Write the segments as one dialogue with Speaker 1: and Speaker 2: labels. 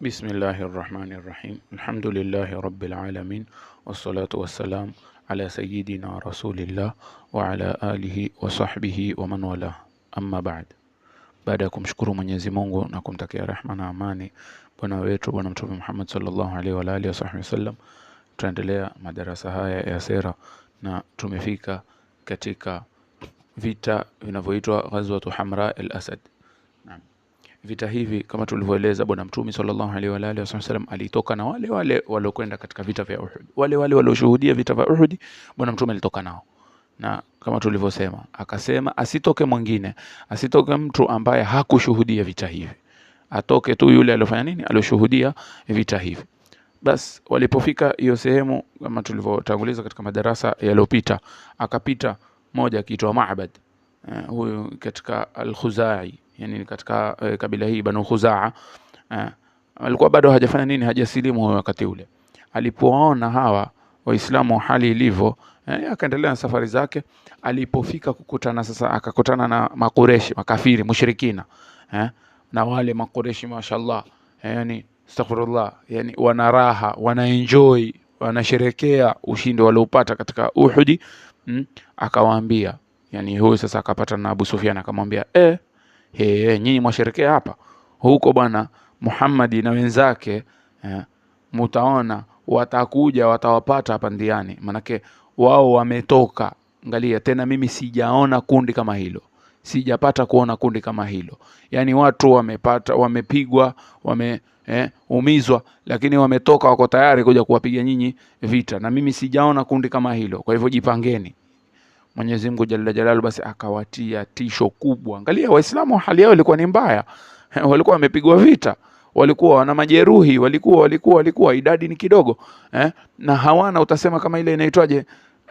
Speaker 1: بسم الله الرحمن الرحيم الحمد لله رب العالمين والصلاة والسلام على سيدنا رسول الله وعلى آله وصحبه ومن والاه أما بعد baada ya kumshukuru Mwenyezi Mungu na kumtakia rehma na amani bwana wetu bwana mtume Muhammad sallallahu alaihi wa alihi wasallam, tunaendelea madarasa haya ya sera na tumefika katika vita vinavyoitwa Ghazwatu Hamra al-Asad vita hivi kama tulivyoeleza, Bwana Mtume sallallahu alaihi wa alihi wasallam alitoka na wale wale waliokwenda katika vita vya Uhud, wale wale walioshuhudia vita vya Uhud, Bwana Mtume alitoka nao na kama tulivyosema, akasema asitoke mwingine, asitoke mtu ambaye hakushuhudia vita hivi, atoke tu yule aliyofanya nini, aliyoshuhudia vita hivi. Bas walipofika hiyo sehemu, kama tulivyotanguliza katika madarasa yaliyopita, akapita moja akiitwa Ma'bad uh, huyu katika Alkhuzai, yani katika uh, kabila hii Banu Khuzaa uh, alikuwa bado hajafanya nini, hajasilimu huyo. Wakati ule alipoona hawa Waislamu hali ilivyo, eh, akaendelea na safari zake. Alipofika kukutana sasa, akakutana na makureshi makafiri mushrikina eh, na wale makureshi mashallah, eh, yani astaghfirullah, yani wana raha, wana enjoy, wanasherekea ushindi walioupata katika Uhudi mm, akawaambia Yani huyu sasa akapata na Abu Sufyan akamwambia eh, he, nyinyi mwasherekea hapa huko bwana Muhammad na wenzake eh, mutaona watakuja watawapata hapa ndiani, manake wao wametoka. Angalia tena, mimi sijaona kundi kama hilo, sijapata kuona kundi kama hilo. Yani watu wamepata, wamepigwa, wameumizwa eh, lakini wametoka, wako tayari kuja kuwapiga nyinyi vita, na mimi sijaona kundi kama hilo. Kwa hivyo jipangeni. Mwenyezi Mungu Jalla Jalalu basi akawatia tisho kubwa. Angalia, Waislamu hali yao ilikuwa ni mbaya, walikuwa wamepigwa vita, walikuwa wana majeruhi, walikuwa walikuwa walikuwa idadi ni kidogo eh, na hawana utasema kama ile inaitwaje,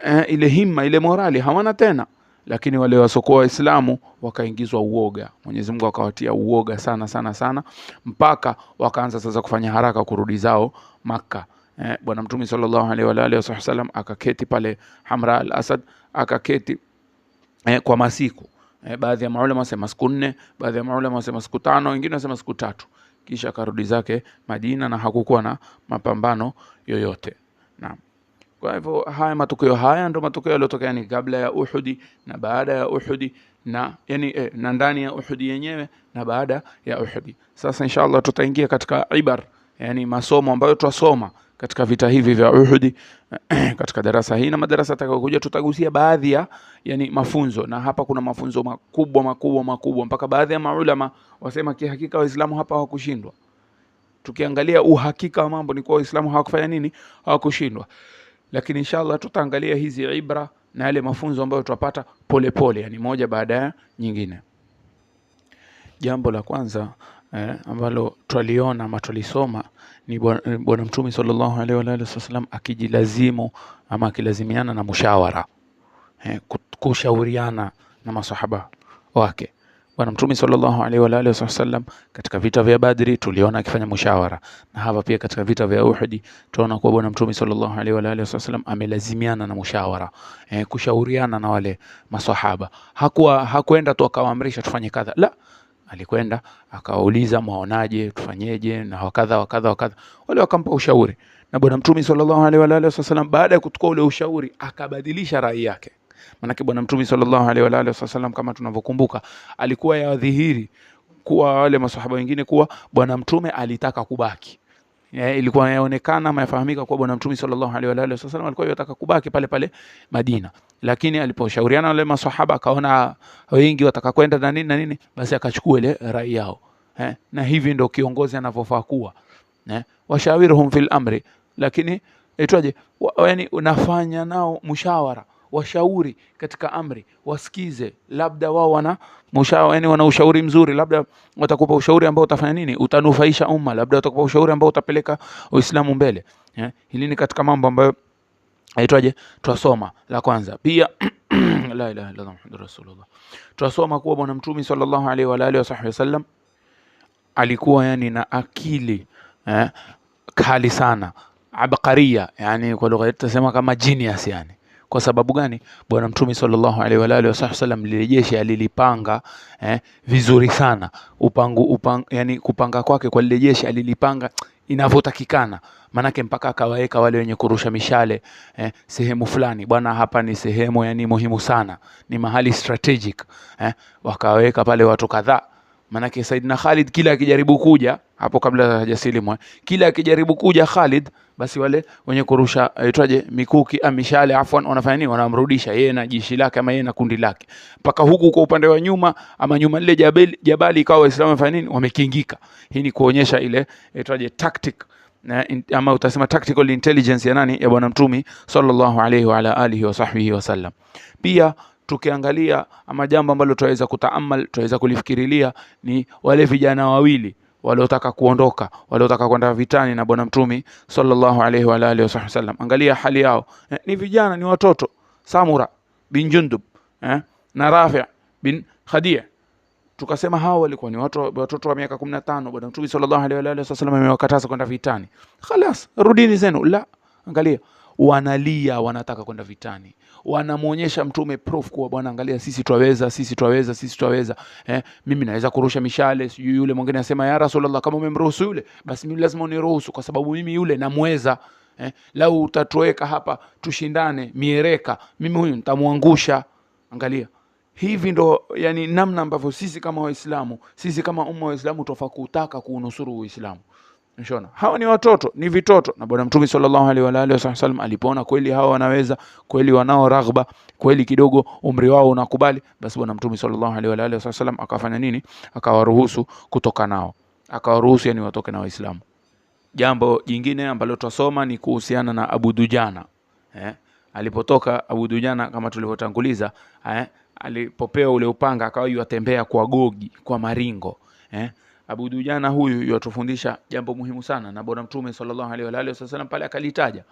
Speaker 1: eh, ile himma ile morali hawana tena, lakini wale wasokoa Waislamu wakaingizwa uoga. Mwenyezi Mungu akawatia uoga sana sana sana, mpaka wakaanza sasa kufanya haraka kurudi zao Makka eh, Bwana Mtume sallallahu alaihi wa alihi wasallam akaketi pale Hamra al-Asad akaketi eh, kwa masiku eh, baadhi ya maulama wasema siku nne, baadhi ya maulama wasema siku tano, wengine wasema siku tatu, kisha akarudi zake Madina na hakukuwa na mapambano yoyote. Naam. Kwa hivyo haya matukio haya ndio matukio yaliyotokea yani kabla ya Uhudi na baada ya Uhudi na yani, eh, na ndani ya Uhudi yenyewe na baada ya Uhudi. Sasa inshallah tutaingia katika ibar yani masomo ambayo twasoma katika vita hivi vya Uhud katika darasa hii na madarasa atakayokuja tutagusia baadhi ya yani mafunzo, na hapa kuna mafunzo makubwa makubwa makubwa, mpaka baadhi ya maulama wasema kihakika Waislamu hapa hawakushindwa. Tukiangalia uhakika wa mambo ni kuwa Waislamu hawakufanya nini, hawakushindwa. Lakini inshallah tutaangalia hizi ibra na yale mafunzo ambayo tutapata polepole, yani moja baada ya nyingine. Jambo la kwanza eh, ambalo twaliona ama twalisoma ni Bwana Mtume sallallahu alaihi wa alihi wasallam akijilazimu ama akilazimiana na mushawara eh, kushauriana na masahaba wake. Bwana Mtume sallallahu alaihi wa alihi wasallam katika vita vya Badri tuliona akifanya mushawara, na hapa pia katika vita vya Uhudi tunaona kuwa Bwana Mtume sallallahu alaihi wa alihi wasallam amelazimiana na mushawara eh, kushauriana na wale masahaba. Hakuwa hakuenda tu akawaamrisha tufanye kadha, la alikwenda akawauliza, mwaonaje, tufanyeje na wakadha wakadha wakadha. Wale wakampa ushauri, na Bwana Mtume sallallahu alaihi wa alihi wasallam, baada ya kutukua ule ushauri, akabadilisha rai yake. Maanake Bwana Mtume sallallahu alaihi wa alihi wasallam, kama tunavyokumbuka, alikuwa yadhihiri kuwa wale masahaba wengine kuwa Bwana Mtume alitaka kubaki e, ilikuwa yaonekana ama yafahamika kuwa bwana mtume sallallahu alaihi wa alihi wasallam alikuwa yataka kubaki pale pale Madina, lakini aliposhauriana wale maswahaba akaona wengi wataka kwenda na nini na nini, basi akachukua ile rai yao eh, na hivi ndio kiongozi anavyofaa kuwa eh, washawiruhum fil amri, lakini itwaje, yani unafanya nao mshawara washauri katika amri, wasikize. Labda wao wana yani wana ushauri mzuri, labda watakupa ushauri ambao utafanya nini, utanufaisha umma, labda watakupa ushauri ambao utapeleka Uislamu mbele eh, Hili ni katika mambo ambayo aitwaje, twasoma la kwanza pia la ilaha illallah muhammadur rasulullah. Twasoma kuwa Bwana Mtume sallallahu alaihi wa alihi wasahbihi wasallam alikuwa yani na akili eh, kali sana, abqaria, yani kwa lugha yetu tunasema kama genius yani kwa sababu gani? Bwana Mtume sallallahu alaihi wa alihi wasallam lile jeshi alilipanga eh, vizuri sana upangu, upang, yani kupanga kwake kwa lile jeshi alilipanga inavyotakikana manake mpaka akawaweka wale wenye kurusha mishale eh, sehemu fulani. Bwana, hapa ni sehemu yani muhimu sana, ni mahali strategic eh, wakaweka pale watu kadhaa Maanake Saidina Khalid kila akijaribu kuja hapo, kabla hajasilimu, eh, kila akijaribu kuja Khalid, basi wale wenye kurusha aitwaje, mikuki amishale, ah, afwan, wanafanya nini? Wanamrudisha yeye na jeshi lake, ama yeye na kundi lake, mpaka huku kwa upande wa nyuma, ama nyuma lile jabali, jabali ikawa Waislamu wanafanya nini? Wamekingika. Hii ni kuonyesha ile aitwaje, tactic na, ama utasema tactical intelligence ya nani, ya Bwana Mtume sallallahu alayhi wa ala alihi wa sahbihi wasallam pia tukiangalia ama jambo ambalo tunaweza kutaamal, tunaweza kulifikirilia ni wale vijana wawili waliotaka kuondoka, waliotaka kwenda vitani na Bwana Mtume sallallahu alaihi wa alihi wasallam. Angalia hali yao, eh, ni vijana, ni watoto. Samura bin Jundub eh, na Rafi' bin Khadija tukasema hao walikuwa ni watu watoto wa miaka 15. Bwana Mtume sallallahu alaihi wa alihi wasallam amewakataza kwenda vitani, khalas, rudini zenu. La, angalia wanalia, wanataka kwenda vitani, wanamwonyesha mtume proof kuwa bwana, angalia, sisi twaweza, sisi twaweza, sisi twaweza. Eh, mimi naweza kurusha mishale, sijui. Yule mwingine asema, ya Rasulullah, kama umemruhusu yule, basi mimi lazima uniruhusu, kwa sababu mimi yule namweza. Eh, lau utatoweka hapa, tushindane miereka, mimi huyu nitamwangusha. Angalia, hivi ndo yani namna ambavyo sisi kama Waislamu, sisi kama umma wa Waislamu tofa kutaka kuunusuru Uislamu. Unaona? Hawa ni watoto, ni vitoto. Na Bwana Mtume sallallahu alaihi wa alihi wasallam alipoona kweli hawa wanaweza, kweli wanao raghba, kweli kidogo umri wao unakubali, basi Bwana Mtume sallallahu alaihi wa alihi wasallam akafanya nini? Akawaruhusu kutoka nao. Akawaruhusu yani watoke na Waislamu. Jambo jingine ambalo twasoma ni kuhusiana na Abu Dujana. Eh? Alipotoka Abu Dujana kama tulivyotanguliza, eh? Alipopewa ule upanga akawa yatembea kwa gogi, kwa maringo, eh? Abu Dujana huyu yatufundisha jambo muhimu sana, na bwana Mtume sallallahu alaihi wa alihi wasallam pale akalitaja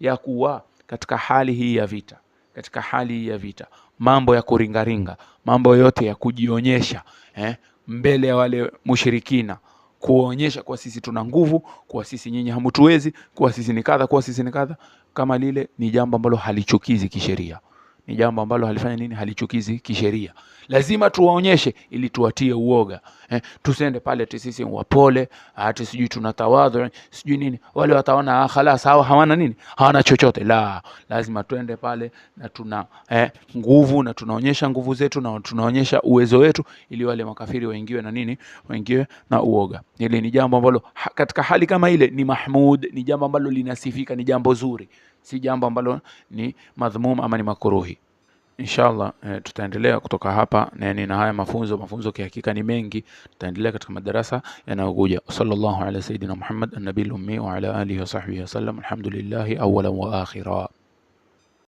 Speaker 1: ya kuwa katika hali hii ya vita, katika hali hii ya vita, mambo ya kuringaringa, mambo yote ya kujionyesha eh, mbele ya wale mushirikina, kuonyesha kuwa sisi tuna nguvu, kuwa sisi nyinyi hamutuwezi, kuwa sisi ni kadha, kuwa sisi ni kadha, kama lile ni jambo ambalo halichukizi kisheria ni jambo ambalo halifanya nini, halichukizi kisheria. Lazima tuwaonyeshe ili tuwatie uoga eh, tusende pale ti sisi wapole, ati sijui tuna tawadhu sijui nini, wale wataona ah, khalas hawa hawana nini, hawana chochote la. Lazima twende pale na tuna eh, nguvu na tunaonyesha nguvu zetu na tunaonyesha uwezo wetu, ili wale makafiri waingiwe na nini, waingiwe na uoga. Hili ni jambo ambalo katika hali kama ile ni mahmud, ni jambo ambalo linasifika, ni jambo zuri si jambo ambalo ni madhumumu ama ni makuruhi. Inshallah eh, tutaendelea kutoka hapa nani na haya mafunzo. Mafunzo kihakika ni mengi, tutaendelea katika madarasa yanayokuja. Sallallahu ala sayidina Muhammad an-nabiyil ummi wa ala alihi wa sahbihi wasallam. Alhamdulillahi awwalan wa akhira.